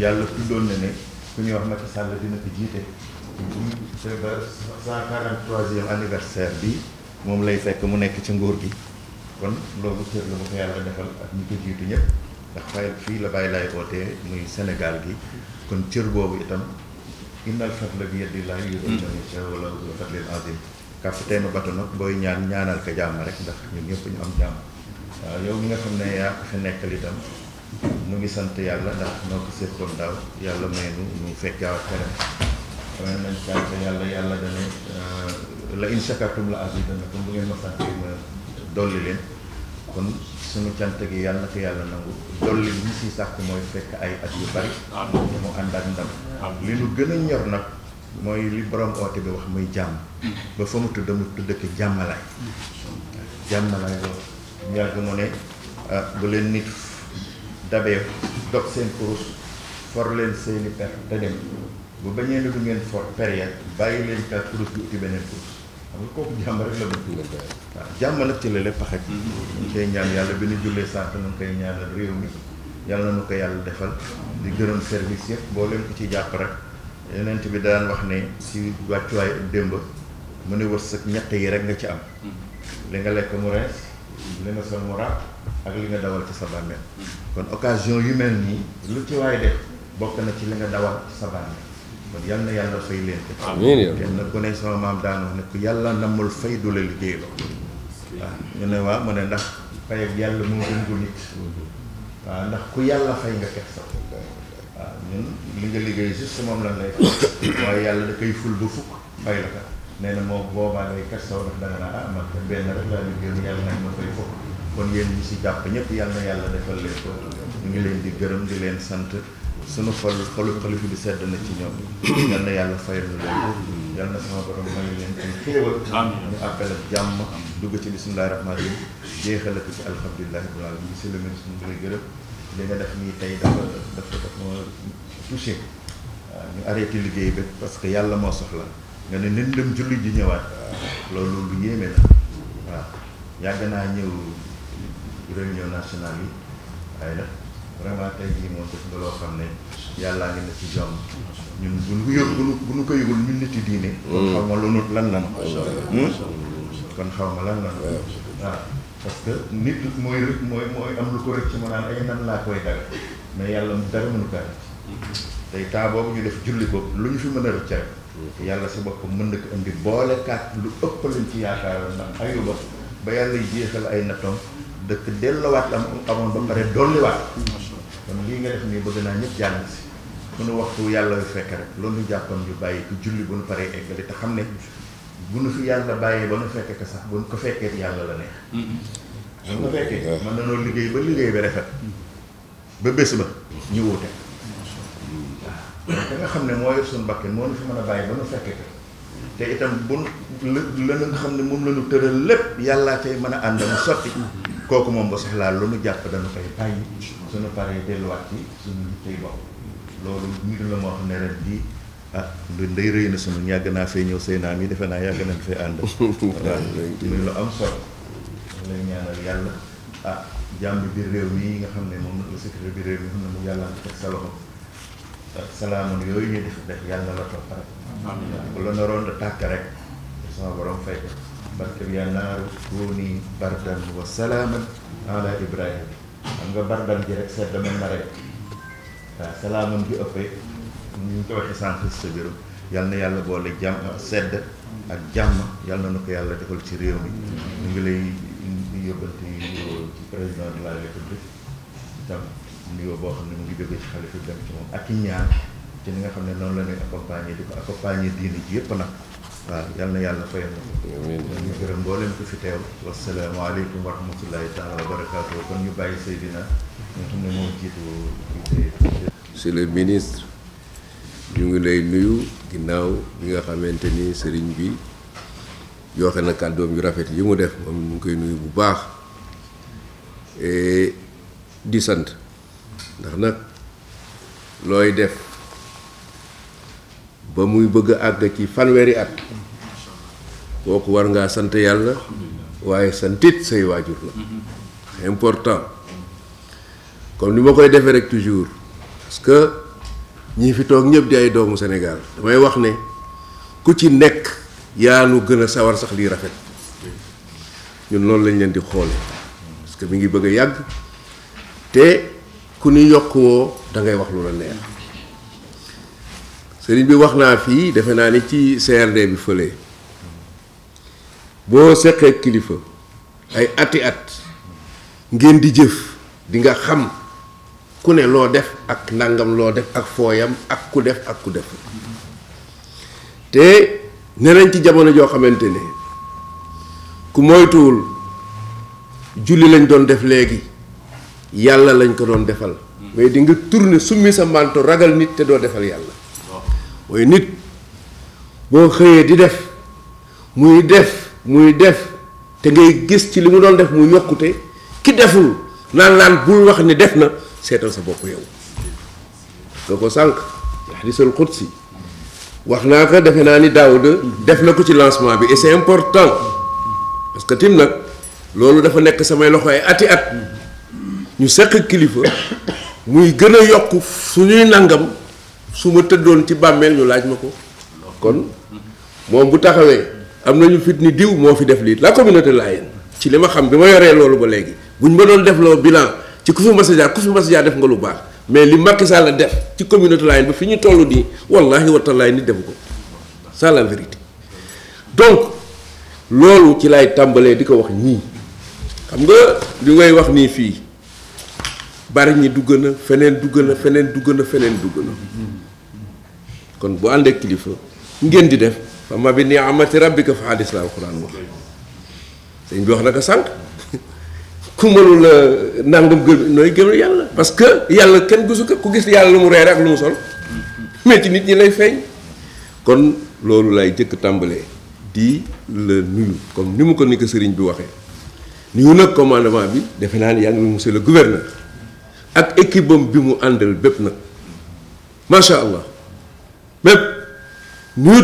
yàlla tuddoon na ne ku ñuy wax Macky Sall dina ko jiite. c'est le cent quarante troisième anniversaire bi moom lay fekk mu nekk ci nguur gi kon loolu cër la bu ko yàlla defal ak ñu ko jiitu ñëpp ndax fii la bàyyi laay ootee muy Sénégal gi kon cër boobu itam innal fadla bi yadillaahi yu'tiihi man yashaa'u wa lahu fadlul aziim capitaine bato nag booy ñaan ñaanal ko jàmm rek ndax ñun ñëpp ñu am jàmm waaw yow mi nga xam ne yaa ko fi nekkal itam ñu ngi sant yàlla ndax noo ko seqoon daaw yàlla may nu ñu fekk ak keneen waaye nañ sant yàlla yàlla dana euh, la in shakartum la azidannakum bu ngeen ma sant ma dolli leen kon suñu cant gi yàlla na ko yàlla nangu dolli li si sàkk mooy fekk ay at yu bari te mu ànd ak ndam li nu gën a ñor nag mooy li borom oote bi wax muy jàmm ba fa mu tudd mu tudd ki jàmmalaay mm. jàmmalaay loolu yàgg mu ne euh, bu leen nit dabeeku dog seen kurus for leen seeni per te dem bu bañee ne du ngeen for per yàgg bàyyi leen per kurus bi uti beneen kurus xam nga kooku jàmm rek la bëgg waaw jàmm nag ci la lépp xaj mm-hmm. ñu koy ñaan yàlla bi ñu jullee sànq nu ngi koy ñaanal réew mi yàlla na nu ko yàlla defal di gërëm service yëpp boo leen ko ci jàpp rek yenent bi daan wax ne si wàccuwaay démb mu ne wërsëg ñett yi rek nga ci am mm-hmm. li nga lekk mu rees li nga sol mu ak li nga dawal ci sa bàmmeel mm. kon occasion yu mel nii lu ci waay def bokk na ci li nga dawal ci sa bàmmeel kon yal na yàlla fay leen ne yàlla fay du la liggéey la waaw ne waaw mu ne ndax fay ak yàlla mu gën nit waaw ndax ku yàlla fay nga teg sa waaw ñun li nga liggéey juste moom lan lay fay waaye yàlla da koy ful ba fukk fay la ka nee na moo boobaa day kas saw naa ah benn rek laa liggéey yàlla nag ma koy fokk kon yéen ñi si jàpp ñëpp yàlla na yàlla defal leen ko ñu ngi leen di gërëm di leen sant sunu xol xolu xalifu bi sedd na ci ñoom yal na yàlla fayal na leen yal na sama borom may leen ci xéewal ñu appel ak jàmm dugg ci bismillahi rahmaan rahim jeexale ko ci alhamdulilahi rabbil alamin monsieur le ministre ñu ngi lay gërëm li nga def nii tey dafa dafa dafa touché waaw ñu arrêté liggéey bi parce que yàlla moo soxla nga ne leen dem julli ji ñëwaat loolu lu yéeme la waaw yàgg naa ñëw réunion nationale yi waaye nag vraiment tey jii moom def nga loo xam ne yàllaa ngi na ci jom ñun bu ñu ko yëg ñu nit yi diine hmm. hmm? kon xaw ma lan lan kon hmm. xaw lan lan waaw parce que nit mooy rek mooy mooy ko rek ci ma naan ay nan laa koy dara mais yàlla dara mënu ko tey temps boobu ñu def julli ko lu ñu fi mën a rëcc rek yàlla si bopp mën na ko indi boole kaat lu ëpp luñ ci yaakaaroon ndax ayuba ba yàlla jeexal ay nattoom dëkk delluwaat am amoon ba pare dolliwaat kon lii nga def nii bëgg naa ñëpp jàng si sunu waxtu yàlla yu fekk rek loolu ñu jàppoon ñu bàyyi ko julli bu nu paree eggali te xam ne bu nu fi yàlla bàyyee ba nu fekk ko sax bu nu ko fekkee yàlla la ne mm-hmm. bu nu ko fekkee mm-hmm. mën na liggéey ba liggéey bi rafet ba bés ba ñu wuute da nga xam ne moo yor suñu bakkan moo ñu fi mën a bàyyi ba nu fekkee te itam bu la nga xam ne moom la ñu tëral lépp yàllaa tey mën a ànd mu sotti kooku moom ba soxlaa lu nu jàpp dañu koy bàyyi suñu paree delluwaat ci suñu bopp loolu mbir la moo xam ne ren jii ah lu rëy na sunu yàgg naa fee ñëw say naam yi defe naa yàgg nañ fee ànd waaw muy lu am solo lay ñaanal yàlla ah jàmm bi réew mi nga xam ne moom la secrétaire bi réew sa loxo ak salaamun yooyu ñu def def yàlla la topp rek bu tàkk rek sama borom fay ko barke yaa naaru kuuni bardan wa salaaman ala ibrahim xam nga bardan ji rek sedd mën na rey waaw salaamun bi ëppee ñu ngi ko waxee sànq sa biirum yàlla boole jàmm sedd ak jàmm yal na ko yàlla defal ci réew mi ñu ngi lay yóbbante ci président de la république itam nuyoo boo xam ne mu ngi jógee ci xalifa bi dem ci moom ak i ñaan ci li nga xam ne noonu la ñuy accompagner di ko accompagner diine ji yëpp nag waaw yal yàlla fayal na ko ñu gërëm mboolem ko fi teew wasalaamaaleykum wa rahmatullahi taala barakaatu kon ñu bàyyi Seydina nga xam ne moom jiitu monsieur le ministre ñu ngi lay nuyu ginnaaw bi nga xamante ni sëriñ bi joxe na kàddoom yu rafet yi mu def moom mu ngi koy nuyu bu baax di sant ndax nag looy def ba muy bëgg àgg ci fanweeri at kooku war ngaa sant yàlla waaye santit say waajur la important comme ni ma koy defee rek toujours parce que ñi fi toog ñëpp di ay doomu sénégal damay wax ne ku ci nekk yaa nu gën sawar sax lii rafet ñun loolu lañ leen di xoole parce que mi ngi bëgg a yàgg te ku ni yokk woo da wax lu la neex sëriñ bi wax naa fii defe naa ni ci CRD bi fële boo seqee kilifa ay ati at ngeen di jëf dinga xam ku ne loo def ak ndàngam loo def ak fooyam ak ku def ak ku def te ne ci jamono joo xamante ne ku moytuwul julli lañ doon def léegi yalla lañ ko doon defal mais hmm. di nga tourner summi sa manto ragal nit te doo defal yalla mooy nit boo xëyee di def muy def muy def te ngay gis ci li doon def mu yokkute ki deful naan naan bul wax ni def na seetal sa bopp yow nga ko sànq hadisul qudsi wax naa ko defe naa ni daawud def na ko ci lancement bi et c'est important parce que tim nag loolu dafa nekk samay loxo ati at ñu seq kilifa muy gën a yokk suñuy nangam su ma tëddoon ci bàmmeel ñu laaj ma ko kon moom bu taxawee am nañu fit ni diw moo fi def lii la communauté laayeen ci li ma xam bi ma yoree loolu ba léegi buñ ma doon def loo bilan ci ku fi a jaar mas a def nga lu baax mais li Macky Sall def ci communauté laayeen bi fi ñu toll nii wallaahi wa taalaay ni defu ko ça la vérité donc loolu ci lay tàmbalee di ko wax ñii xam nga li ngay wax nii fii bari ñi dugg na feneen dugg na feneen dugg na feneen dugg na kon bu àndee kilifa ngeen di def fa ma bi ni amati rabbika fa xaddis la alxuraan wax dañ bi wax naka sànq ku la nangam gëm nooy gëm yàlla parce que yàlla kenn gisu ko ku gis yàlla lu mu reere ak lu mu sol mais ci nit ñi lay feeñ kon loolu lay jëkk tàmbalee di la nuyu comme ni mu ko ni ko sëriñ bi waxee nuyu nag commandement bi defe naa ni yaa ngi monsieur le gouverneur ak équipe am bi mu àndal bépp nag macha allah bépp ñu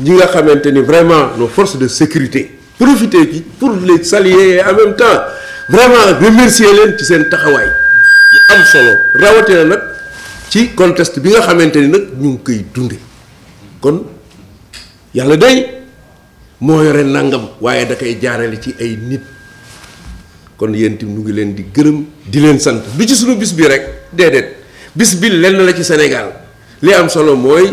ñi nga xamante ni vraiment nos forces de sécurité profiter ci pour les saluer et en même temps vraiment remercier leen ci seen taxawaay bu am solo rawatina nag ci contexte bi nga xamante ni nag ñu ngi koy dunde kon yàlla day moo yore nangam waaye da koy jaarale ci ay nit kon yeen tim nu ngi leen di gërëm di leen sant du ci sunu bis bi rek dedet bis bi lenn la ci sénégal li am solo Moy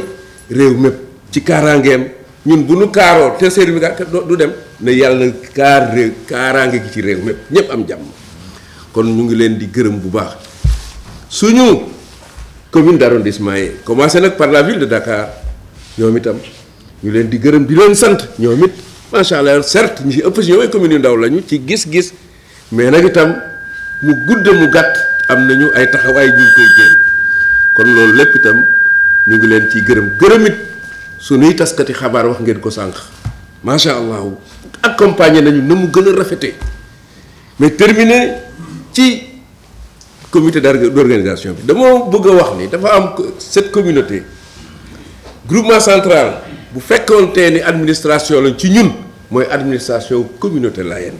rew mepp ci karangem ñun bu nu karo te seer bi du dem ne yalla kar rew kaaraange gi ci rew mepp ñepp am jam kon ñu ngi leen di gërëm bu baax suñu commune d'arrondissement commencé nak par la ville de dakar ñoom itam ñu leen di gërëm di leen sant ñoom it machallah allah certes ñi ci opposition commune yu ndaw lañu ci gis-gis mais nag itam mu gudd mu gàtt am nañu ay taxawaay ñu koy génn kon loolu lépp itam ñu ngi leen ci gërëm gërëmit suñuy taskati xabaar wax ngeen ko sànq macha allah accompagner nañu na mu gën a rafetee mais terminer ci comité d'organisation bi dama bëgg a wax nii dafa am set communauté groupement central bu fekkoon ni administration lañ ci ñun mooy administration communauté layène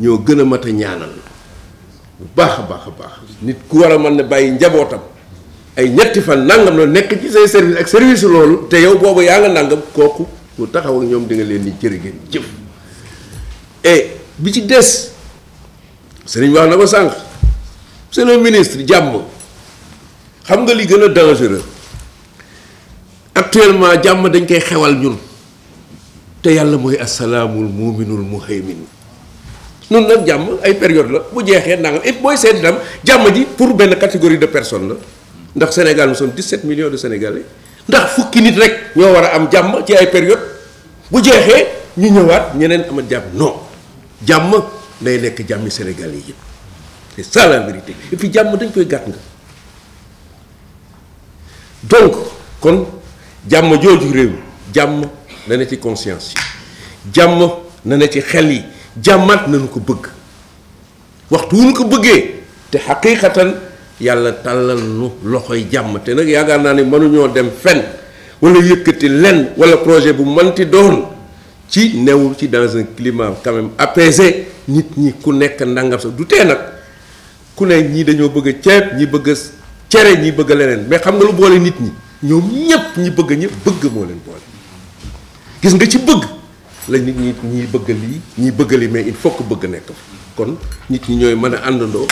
ñoo gën a mat a ñaanal bu baax a baax a baax nit ku war a mën na bàyyi njabootam ay ñetti fan nangam la nekk ci say service ak service loolu te yow boobu yaa nga nangam kooku ku taxaw ak ñoom di nga leen di jërë ngeen jëf et ci des sëriñ wax na ko sànq monsieur ministre jàmm xam nga li gën a dangereux actuellement jàmm dañ koy xewal ñun te yàlla mooy asalaamul muuminul muhaymin noonu nag jàmm ay période la bu jeexee na et booy seet itam jàmm ji pour benn catégorie de personne la ndax Sénégal nous sommes 17 millions de Sénégalais ndax fukki nit rek ñoo war a am jàmm ci ay période bu jeexee ñu ñëwaat ñeneen ama jàmm non jàmm day lekk jàmmi Sénégal yi yëpp c'est ça vérité et puis jàmm dañ koy gàtt nga donc kon jàmm jooju réew jàmm na ne ci conscience yi jàmm na ne ci xel yi jàmmaat nañu ko bëgg waxtu wu ñu ko bëggee te xaqiiqatan yàlla tàllal nu loxoy jàmm te nag yaakaar naa ne mënuñoo dem fen wala yëkkati lenn wala projet bu mënti doon ci newul ci dans un climat quand même nit ñi ku nekk ndàngam sax du tee nag ku ne ñii dañoo bëgg ceeb ñi bëgg cere ñi bëgg leneen mais xam nga lu boole nit ñi ñoom ñëpp ñi bëgg ñëpp bëgg moo leen boole gis nga ci bëgg. la nit ñi ñi bëgg li ñi bëgg li mais il faut que bëgg nekk kon nit ñi ñoy mëna andando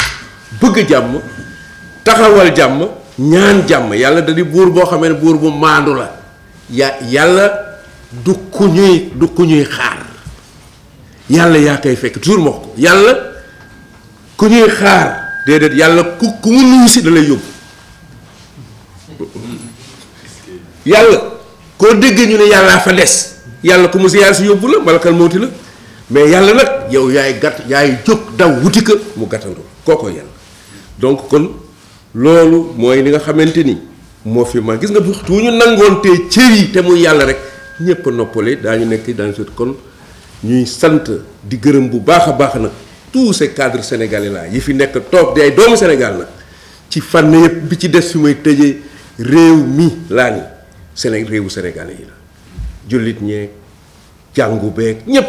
bëgg jamm taxawal jamm ñaan jamm yalla da di buur boo xamee ne bu mandu la ya yalla du ku ñuy du ku ñuy xaar yalla ya kay fekk toujours mo ko yalla ku ñuy xaar dedet yalla ku ku mu ñu si da lay yóbbu yàlla koo ñu ne yalla fa dess yalla ko mu ziar ci yobul la malakal mawti la mais yalla nak yow yaay gat yaay jog daw wuti ke mu gatandu koko yalla donc kon lolu moy li nga xamanteni mo fi ma gis nga bu tuñu ñu nangon te ciiri te mu yalla rek ñepp noppale dañu nekk dans cette kon ñuy sante di gërëm bu baaxa baax nak tous ces cadres sénégalais là yi fi nek day doomu sénégal nak ci fan yépp bi ci dess fi may tejé réew mi lañ sénégal réewu sénégalais yi la jullit ñeeg jàngu beeg ñépp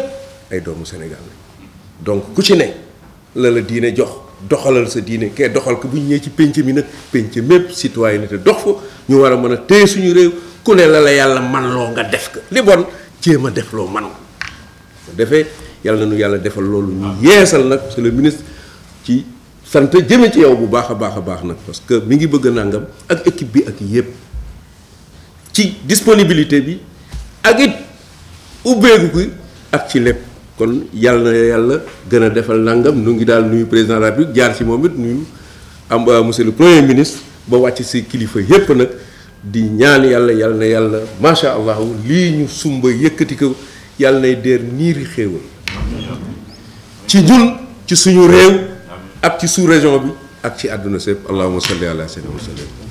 ay doomu Sénégal lañ donc ku ci ne la la diine jox doxalal sa diine kee doxal ko bu ñu ñëwee ci pénc mi nag pénc mépp citoyenneté dox fa ñu war a mën a téye suñu réew ku ne la la yàlla man loo nga def ko li bon jéem a def loo man ko defee yàlla nu yàlla defal loolu ñu yeesal nag monsieur le ministre ci sant jëme ci yow bu baax a baax a baax nag parce que mi ngi bëgg a nàngam ak équipe bi ak yépp ci disponibilité bi ak it ubbeeku gi ak ci lépp kon yàlla na yàlla gën a defal nangam nu ngi daal nuyu président de la jaar ci moom it nuyu am euh, monsieur le premier ministre ba wàcc si kilifa yépp nag di ñaan yàlla yàlla na yàlla macha allah lii ñu sumba yëkkati ko yàlla nay deer niiri xéewal ci ñun ci suñu réew ak ci sous région bi ak ci àdduna sépp allahuma salli ala sayyidina wa sallam